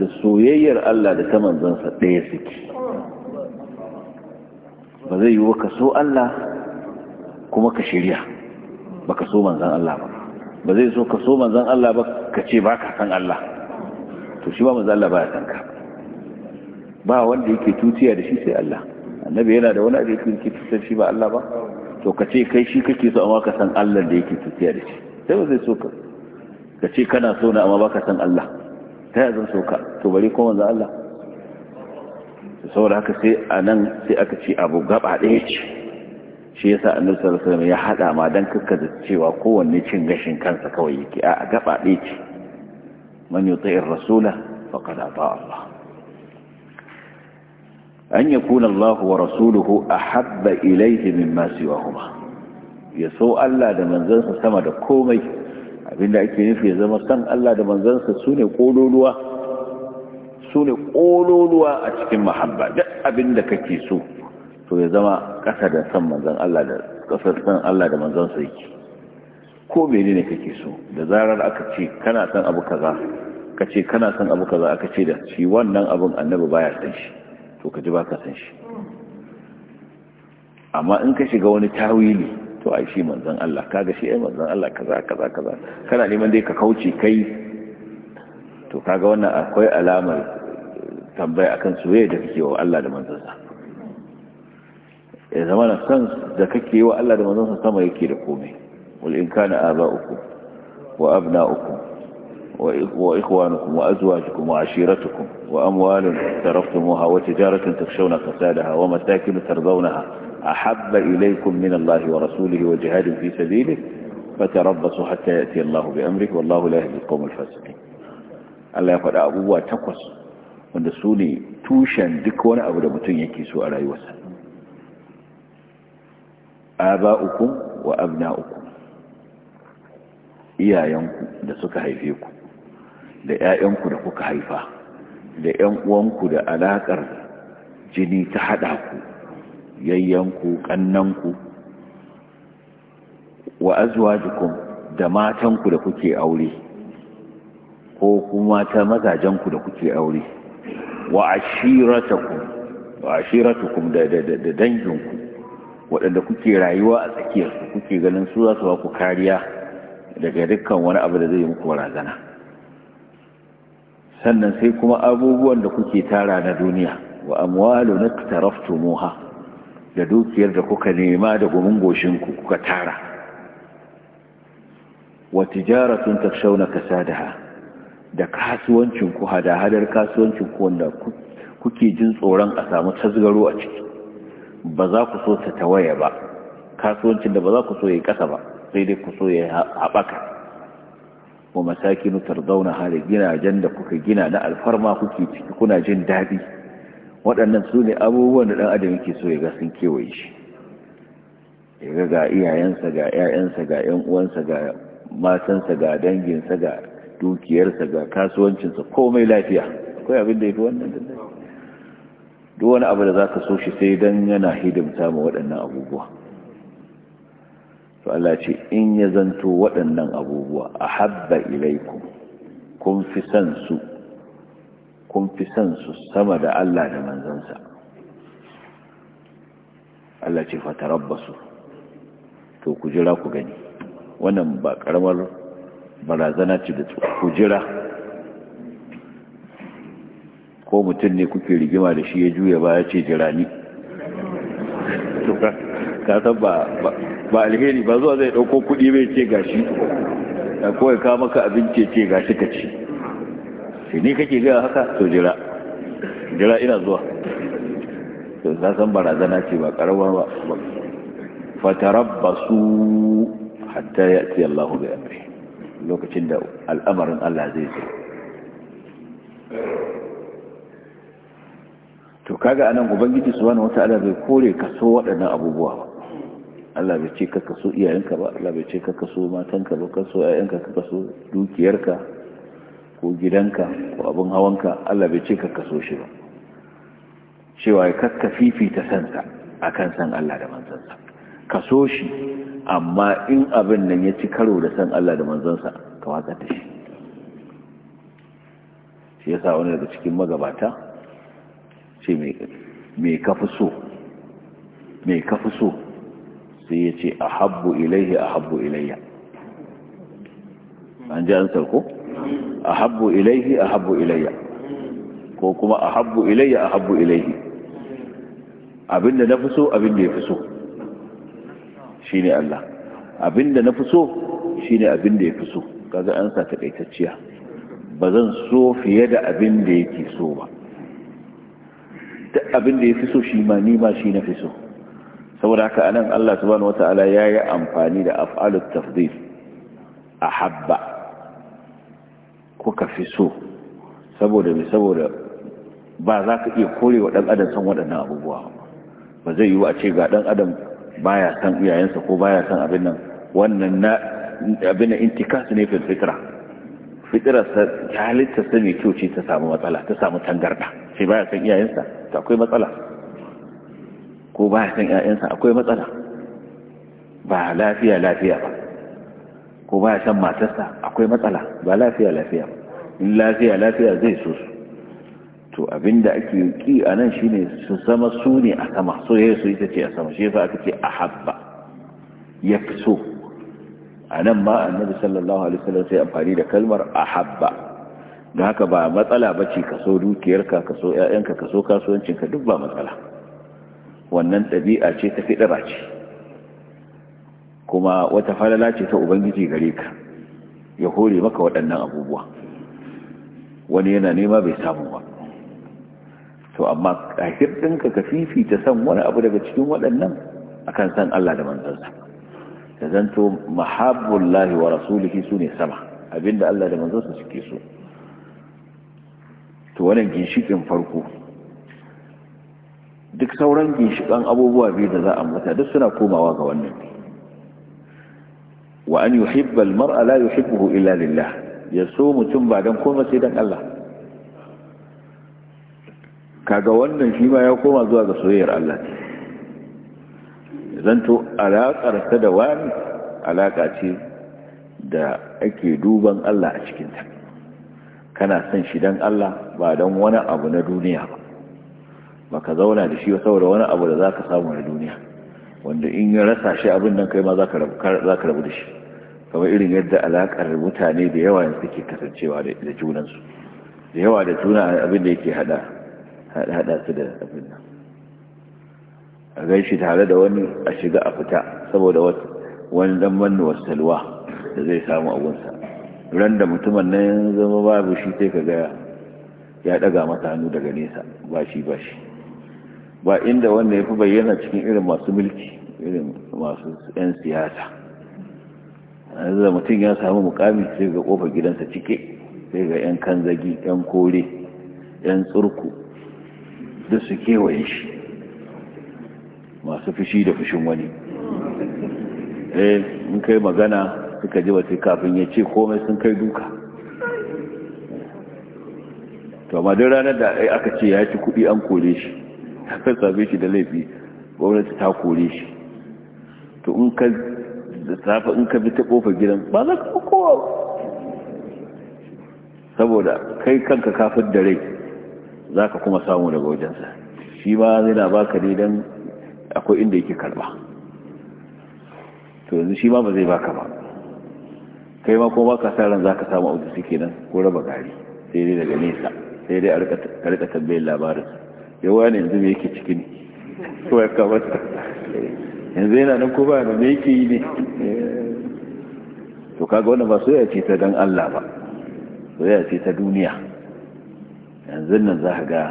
da soyayyar Allah da ta sa ɗaya suke ba zai yi wa ka so Allah kuma ka shirya ba ka so manzan Allah ba ba zai so ka so manzan Allah ba ka ce ba ka san Allah to shi ba manzan Allah ba ya san ka ba wanda yake tutiya da shi sai Allah annabi yana da wani abu yake tutar shi ba Allah ba to ka ce kai shi kake so amma ka san Allah da yake tutiya da shi sai ba zai so ka ka ce kana so na amma ba ka san Allah ta yi zan so ka to bari ko manzan Allah saboda haka sai a nan sai aka ce abu gaba ɗaya ce shi yasa annabi sallallahu alaihi wasallam ya hada ma dan da cewa kowanne cin gashin kansa kawai yake a gaba ɗaya ce man yuti'ir rasula faqad ata Allah an yakuna Allah wa rasuluhu ahabba ilayhi mimma siwahuma ya so Allah da manzansa sama da komai abinda ake nufi ya zama san Allah da manzansa sune kololuwa kololuwa a cikin mahabba duk abinda kake so to ya zama ƙasa da san manzan Allah da ƙasar san Allah da manzan su yake ko mene ne kake so da zarar aka ce kana san abu kaza ka ce kana san abu kaza aka ce da shi wannan abun annabi baya san shi to ka ji ba ka san shi amma in ka shiga wani tawili to ai shi manzan Allah kaga shi ai eh, manzan Allah kaza kaza kaza kana neman dai ka kauce kai to kaga wannan akwai alamar tambaya akan soyayya da kake wa Allah da manzansa ya zama na san da kake yi wa Allah da manzon sama yake da komai wal'inka in kana uku wa abna uku wa ikhwanukum wa azwajukum wa ashiratukum wa amwalun taraftumuha wa tijaratan takshawna kasadaha wa masakin a ahabba ilaykum min Allah wa rasulihi wa jihadin fi sabilihi fatarabbasu hatta ya'ti Allah bi amrihi wallahu la yahdi al-qawm al-fasiqin Allah ya faɗa abubuwa takwas wanda su ne tushen duk wani abu da mutum yake so a rayuwarsa aba'ukum wa uku, iyayenku da suka haife ku da ƴaƴanku da kuka haifa da ƴan uwanku da alaƙar jini ta haɗa ku yayyanku ƙannanku wa azwajukum da matanku da kuke aure ko kuma ta mazajenku da kuke aure wa ashiratukum wa ashiratukum da danginku waɗanda kuke rayuwa a tsakiyarsu kuke ganin su za su ba ku kariya daga dukkan wani abu da zai muku barazana sannan sai kuma abubuwan da kuke tara na duniya wa amwalu na Muha, da dukiyar da kuka nema da gumin goshinku kuka tara wa tijaratun takshawna kasadaha da kasuwancin ku hada-hadar kasuwancin ku wanda kuke jin tsoron a samu tasgaro a ciki ba za ku so ta tawaye ba kasuwancin da ba za ku so ya yi ƙasa ba sai dai ku so ya haɓaka wa masakinu tarzauna hali jan da kuka gina na alfarma kuke ciki kuna jin daɗi waɗannan su ne abubuwan da ɗan adam yake so ya ga sun kewaye shi ya ga ga iyayensa ga 'ya'yansa ga 'yan'uwansa, uwansa ga matansa ga danginsa ga dukiyarsa ga kasuwancinsa komai lafiya akwai abin da ya fi wannan dandamali duk wani abu da za ka so shi sai don yana hidimta ma waɗannan abubuwa to Allah ce in ya zanto waɗannan abubuwa a habba ilaikun kun fi san su kun fi san su sama da Allah da manzansa Allah ce su to ku jira ku gani wannan ba ƙaramar barazana ce da ku jira ko mutum ne kuke rigima da shi ya juya ba ya ce jirani ka san ba alheri ba zuwa zai dauko kudi bai ce gashi da kawai ka maka abinci ce gashi ka ci sai ni kake gaya haka to jira jira ina zuwa to ka barazana ce ba karawa ba su hatta ya'ti Allahu bi amri lokacin da al'amarin Allah zai zai kaga anan ubangiji subhanahu wataala bai kore kaso waɗannan abubuwa ba Allah bai ce ka kaso iyayenka ba Allah bai ce ka kaso matanka ba kaso iyayenka ka kaso dukiyarka ko gidanka ko abin hawanka Allah bai ce ka kaso shi ba cewa ya kakka fifita sansa akan san Allah da manzansa kaso shi amma in abin nan ya ci karo da san Allah da manzansa ka watsa da shi shi yasa wani daga cikin magabata ce mai kafi so mai kafi so sai ya ce a habbu ilaihi a habbu ilayya an ji an sarko a habbu ilaihi a habbu ilayya ko kuma a habbu ilayya a habbu ilaihi abinda na fi so abinda ya fi so shi ne Allah abinda na fi so shi ne abinda ya fi so ga an sa takaitacciya ba zan so fiye da abinda yake so ba duk abin da ya fi so shi ma ni ma shi na fi so saboda haka anan Allah subhanahu wataala yi amfani da af'alut tafdil ahabba kuka fi so saboda me saboda ba za ka iya korewa dan adam san waɗannan abubuwa ba zai yi a ce ga dan adam baya san iyayensa ko baya san abin nan wannan na abin da intikas ne fil fitra fitrar sa halitta sa mai kyau ce ta samu matsala ta samu tangarda sai baya san iyayensa to akwai matsala ko ba ya san ƴaƴansa akwai matsala ba lafiya lafiya ba ko ba ya san matarsa akwai matsala ba lafiya lafiya ba in lafiya lafiya zai so su to abinda ake ki a nan shine su zama su ne a sama so ya su ita ce a sama shi yasa aka ce a habba ya fi so a nan ma annabi sallallahu alaihi wasallam sai amfani da kalmar a habba da haka ba matsala ba ce kaso dukiyarka kaso ‘ya'yanka kaso kasuwancinka duk ba matsala wannan ɗabi'a ce ta fidira ce kuma wata falala ce ta ubangiji gare ka ya hore maka waɗannan abubuwa wani yana nema bai samu ba to amma a ɗinka ka fifita san wani abu daga cikin waɗannan kan san Allah da manzansa ta zanto mahabbullahi wa rasulihi su ne sama abinda Allah da manzansa suke so to wannan ginshikin farko duk sauran ginshikan abubuwa biyu da za a mata duk suna komawa ga wannan wa an yuhibba almar'a la yuhibbuhu illa lillah ya so mutum ba dan koma sai dan Allah kaga wannan shi ma ya koma zuwa ga soyayyar Allah zanto alaƙar ta da wani alaƙa ce da ake duban Allah a cikinta kana son shi don Allah ba don wani abu na duniya ba ba ka zauna da shi saboda wani abu da za ka samu na duniya wanda in ya rasa shi abin nan kai ma za ka rabu da shi kamar irin yadda alaƙar mutane da yawa yanzu ke kasancewa da junansu da yawa da juna abin da yake hada su da abin nan a gaishe tare da wani a shiga a fita saboda wani dan wasu talwa da zai samu abunsa randa mutumin nan zama babu shi sai ka gaya ya daga mata hannu daga nesa ba shi ba shi ba inda wanda ya fi bayyana cikin irin masu mulki irin masu 'yan siyasa yanzu da mutum ya samu mukami sai ga kofar gidansa cike sai ga 'yan kanzagi 'yan kore 'yan tsurku duk su kewaye shi masu fushi da fushin wani eh in kai magana suka ji wasu kafin ya ce komai sun kai duka to amma duk ranar da aka ce ya ci kuɗi an kore shi ta same shi da laifi gwamnati ta kore shi to in ka da safe in ka bi ta kofa gidan ba za ka kowa saboda kai kanka kafin da rai za ka kuma samu daga wajensa shi ba zai na baka ne don akwai inda yake karba to yanzu shi ba ba zai baka ba kai ma kuma baka sa ran zaka samu abu su kenan ko raba gari sai dai daga nesa sai dai a rika tambayin labarin yawa ne yanzu me yake ciki ne ko ya kamata eh, yanzu yana nan ko ba da me yake yi ne eh, to kaga wannan ba soyayya ce ta dan Allah ba soyayya ce ta duniya yanzu nan za ka ga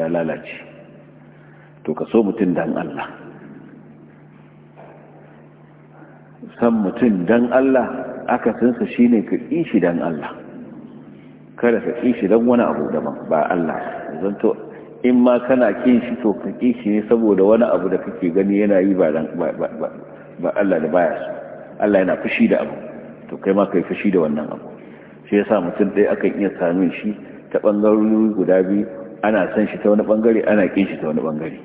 ta lalace to ka so mutum dan Allah san mutum dan Allah aka su shi ne ka ƙishi dan Allah kada ka ƙishi dan wani abu daban ba Allah to in ma kana kin shi to ka ƙishi ne saboda wani abu da kake gani yana yi ba Allah da baya su Allah yana fushi da abu to kai ma kai fushi da wannan abu shi sa mutum ɗaya akan iya samun shi ta ɓangarori guda biyu ana san shi ta wani ɓangare ana kin shi ta wani ɓangare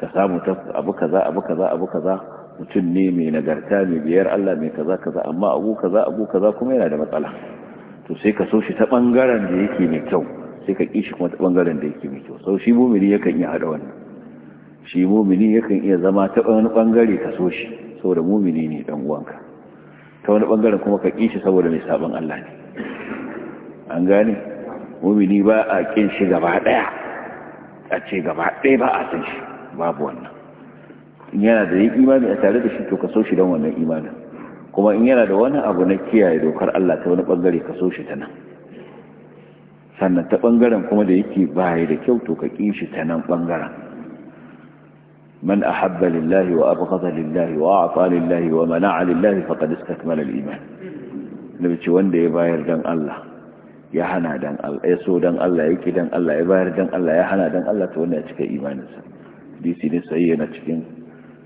ka samu ta abu kaza abu kaza abu kaza mutum ne mai nagarta mai biyar Allah mai kaza kaza amma abu kaza abu kaza kuma yana da matsala to sai ka so shi ta bangaren da yake mai kyau sai ka kishi kuma ta bangaren da yake mai kyau sau shi mumini yakan iya hada wannan shi mumini yakan iya zama ta wani bangare ka so shi saboda mumini ne dan uwanka ta wani bangaren kuma ka kishi saboda mai sabon Allah ne an gane mumini ba a kin shi gaba daya a ce gaba daya ba a san shi babu wannan in yana da yin imani a tare da shi to ka so shi don wannan imanin kuma in yana da wani abu na kiyaye dokar Allah ta wani bangare ka so shi ta nan sannan ta bangaren kuma da yake baya da kyau to ka ƙi shi ta nan bangaren man ahabba lillahi wa abghada lillahi wa a'ta lillahi wa mana'a lillahi faqad istakmala al-iman nabi ce wanda ya bayar dan Allah ya hana dan Allah ya so dan Allah ya ki dan Allah ya bayar dan Allah ya hana dan Allah to wanda ya cika imaninsa hadisi ne sai yana cikin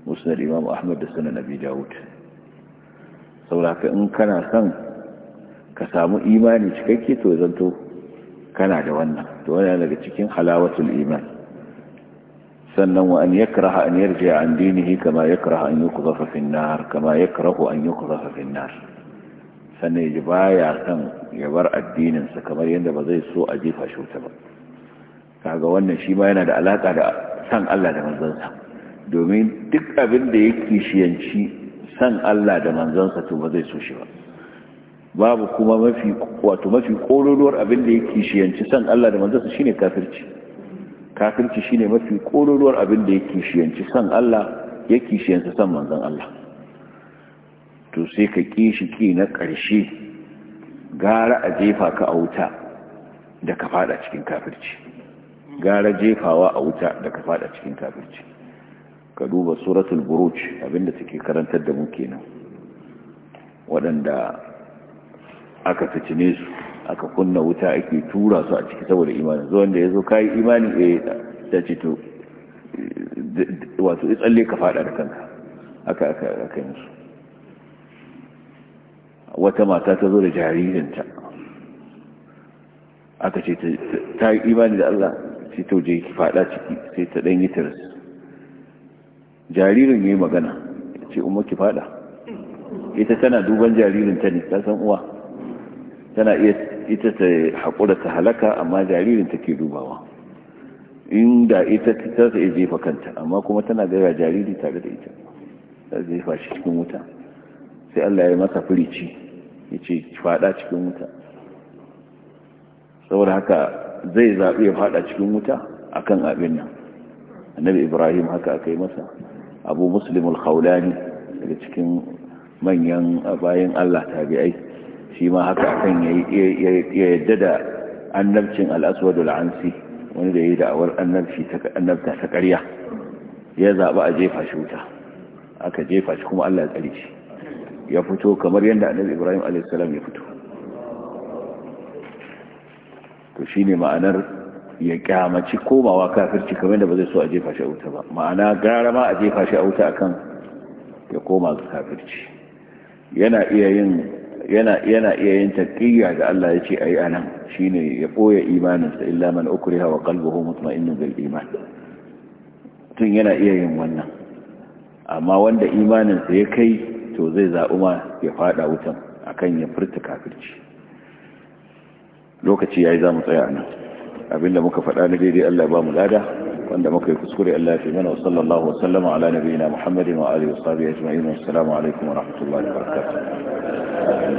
musnad imam ahmad da sunan abi dawud sauraka in kana son ka samu imani cikakke to zanto kana da wannan to wannan daga cikin halawatul iman sannan wa an yakraha an yarji'a an dinihi kama yakraha an yuqdhafa fi an-nar kama yakrahu an yuqdhafa fi an-nar sannan ya baya son ya bar addinin sa kamar yadda ba zai so a jefa shi wuta ba kaga wannan shi ma yana da alaka da san Allah da manzon sa domin duk abin da ya kishiyanci san Allah da manzansa to ba zai so shi ba babu kuma mafi wato mafi kororuwar abin da ya kishiyanci san Allah da manzansa shine kafirci kafirci shine mafi kororuwar abin da ya kishiyanci san Allah ya kishiyanci san manzan Allah to sai ka kishi ki na ƙarshe gara a jefa ka a wuta da ka fada cikin kafirci gara jefawa a wuta da ka fada cikin kafirci ka duba suratul buruj abinda take karantar da mu kenan wadanda aka fitine su aka kunna wuta ake tura su a ciki saboda imani zo wanda ya kai imani eh ta ce to eh, wato tsalle ka fada da kanka aka aka aka yin su wata mata ta zo da jaririnta aka ce ta yi imani da Allah sai ta je ki fada ciki sai ta dan yi tirs jaririn yi magana ce umar ki fada ita tana duban jaririn ta ne ta uwa tana iya ita ta haƙura ta halaka amma jaririn ta ke dubawa inda ita ta ta jefa kanta amma kuma tana gara jariri tare da ita ta jefa shi cikin wuta sai Allah ya yi masa firici ya ce fada cikin wuta saboda haka zai zaɓi ya fada cikin wuta akan abin nan annabi ibrahim haka aka yi masa abu muslim al-khawlani daga cikin manyan bayan Allah tabi'ai shi ma haka akan ya yadda da annabcin al-aswad al-ansi wani da yayi da'awar annabci ta annabta ta ƙarya ya zaba a jefa shi wuta aka jefa shi kuma Allah ya shi ya fito kamar yadda annabi Ibrahim alaihi salam ya fito to shine ma'anar ya kyamaci komawa kafirci kamar da ba zai so a jefa shi a wuta ba ma'ana gara ma a jefa shi a wuta akan ya koma ga kafirci yana iya yin yana yana da Allah ya ce ai anan shine ya boye imaninsa illa man ukriha wa qalbuhu mutma'innun bil iman tun yana iya yin wannan amma wanda imaninsa ya kai to zai za'uma ya fada wutan akan ya furta kafirci lokaci yayi za mu tsaya nan abinda muka faɗa na daidai Allah ya ba mu lada wanda muka yi kuskure Allah ya fi mana wa sallallahu wa sallama ala nabiyina Muhammadin wa alihi wa sahbihi ajma'in assalamu alaikum wa rahmatullahi wa barakatuh